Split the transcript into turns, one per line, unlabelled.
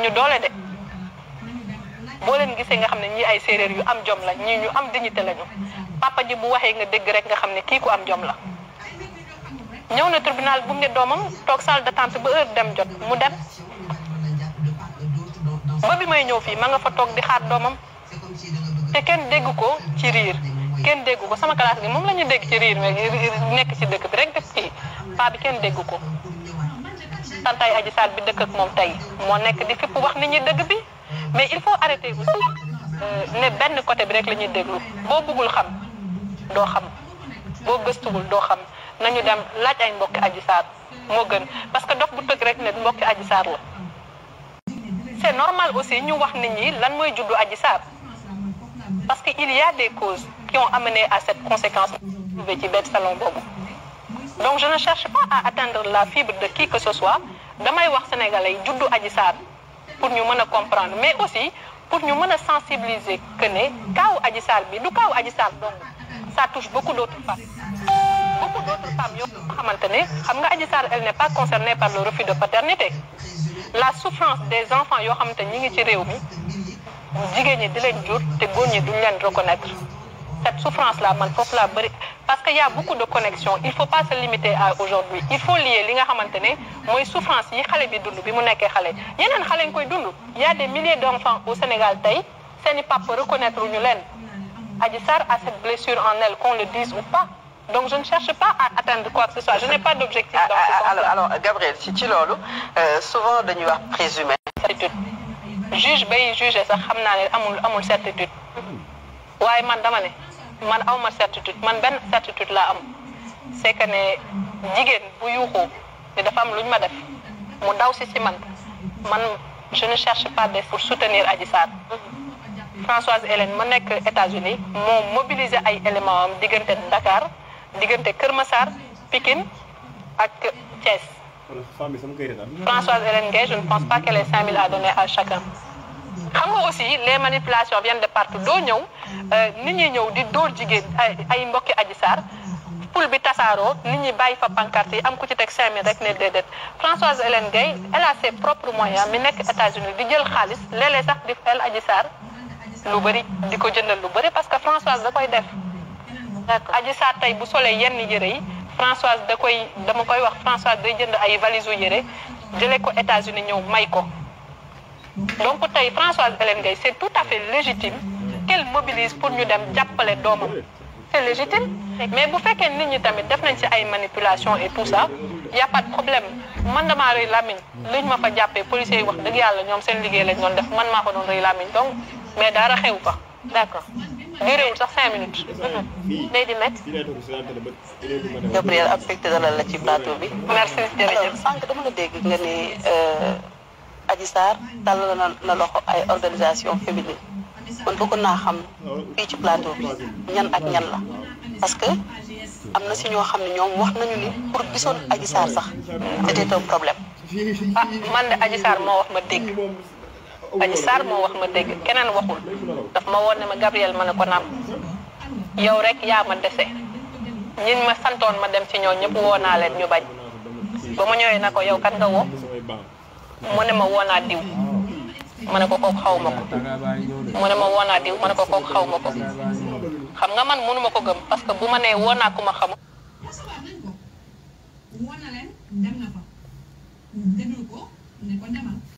ñu doole de boo leen gisee nga xam ne ñii ay séeréer yu am jom la ñii ñu am dignité lañu papa ji bu waxee nga dégg rek nga xam ne kii ko am jom la. ñëw na tribunal bu nge doomam toog de d'attente ba heure dem jot mu dem ba bi may ñëw fii ma nga fa toog di xaar doomam te kenn dégg ko ci riir kenn dégg ko sama classe gi moom la ñu dégg ci riir mais nekk ci dëkk bi rek def ci paa bi kenn dégg ko. tantay Adji Sarr bi dëkk ak moom tey moo nekk di fipp wax nit ñi dëgg bi mais il faut arrêter aussi euh, ne benn côté bi rek la ñuy déglu boo bëggul xam doo xam boo gëstuwul doo xam nañu dem laaj ay mbokki Adji Sarr moo gën parce que dox bu tëgg rek ne mbokki Adji Sarr la c'est normal aussi ñu wax nit ñi lan mooy juddu Adji Sarr parce que il y a des causes qui ont amené à cette conséquence trouvé ci benn salon boobu donc je ne cherche pas à atteindre la fibre de qui que ce soit damay wax sénégalais yi juddu Adji pour ñu mën a comprendre mais aussi pour ñu mën a sensibiliser que ne kaawu Adji Sarr bi du kaawu Adji Sarr donc ça touche beaucoup d'autres femmes beaucoup d'autres femmes yoo xamante ne xam nga Adji Sarr elle ne pas concernée par le refus de paternité la souffrance des enfants yoo xamante ni ñi ngi ci réew mi jigéen ñi di leen jur te góor ñi duñ leen reconnaître cette souffrance là man foofu laa bëri parce qu'il y a beaucoup de connexions il faut pas se limiter aujourd'hui il faut lier li nga xamante ne mooy souffrance yi xale bi dund bi mu nekkee xale yeneen xale ñu koy dund y a des milliers d'enfants au Sénégal tey seeni papa reconnaître ñu leen Adji Sarr a cette blessure en elle qu'on le dise ou pas donc je ne cherche pas à atteindre quoi que ce soit je n'ai pas d'objectif dans ce sens alors alors Gabriel si ci loolu euh, souvent dañuy wax juge bay juge sax xam naa ne amul amul certitude waaye man dama man awma certitude man benn certitude laa am c'est que ne jigéen bu yuuxoo ni dafa am lu ñu ma def mu daw si si man man je ne cherche pas de pour soutenir Adji Sarr Françoise Hélène ma nekk États-Unis moo mobiliser ay éléments am diggante Dakar diggante Kër Massar Pikine ak Thiès Françoise Hélène Gueye je ne pense pas qu'elle ait 5000 à donner à chacun xam nga aussi les manipulations viennent de partout doo ñëw euh, nit ñi ñëw di dóor jigéen ay ay mbokki Adji Sarr poul bi tasaaroo nit ñi bàyyi fa pancarte yi am ku ci teg 5000 rek ne déedéet Françoise Hélène Gueye elle a ses propres moyens mi nekk États-Unis di jël xaalis léeg-léeg sax di fayal Adji lu bëri di ko jëndal lu bëri parce que Françoise da koy def. d'accord Adji Sarr tey bu solee yenn yëre yi Françoise da koy dama koy wax Françoise day jënd ay valises yëre yére ko États-Unis ñëw may ko. donc tey Françoise Hélène Gaye c' est tout à fait légitime qu'elle mobilise pour ñu dem jàppale doomam c' est mais bu fekkee nit ñi tamit def nañ si ay manipulation et tout ça y a pas de problème man damaa rëy làmmiñ liñ ma fa jàppee policiers yi wax dëgg yàlla ñoom seen liggéey lañ doon def man maa ko doon rëy làmmiñ donc mais dara xew fa d' accord duréwul sax cinq minutes day di met Gabriel ak fekk dalal la ci plateau bi merci jërëjëf sànq dama la dégg nga ni euh, Adji Sarr la na na loxo ay organisation féminine man bëgg naa xam fii ci plateau bi ñan ak ñan la parce que am na si ñoo xam ne ñoom wax nañu ni pour gisoon Adji sax c'était un problème ah man de Adji moo wax ma dégg Adji Sarr moo wax ma dégg keneen waxul daf ma woon ne ma Gabriel ma ne ko naam yow rek yaa ma dese ñin ma santoon ma dem ci ñoo ñëpp woo naa leen ñu bañ ba ma ñëwee na ko yow kan nga woo mu ne ma woonaa diw ma ne ko kooku xaw ma ko mu ne ma woonaa diw ma ne ko kooku xaw ma ko xam nga man mënuma ko gëm parce que bu ma nee woonaa ku ma xamul dem na fa ko ne ko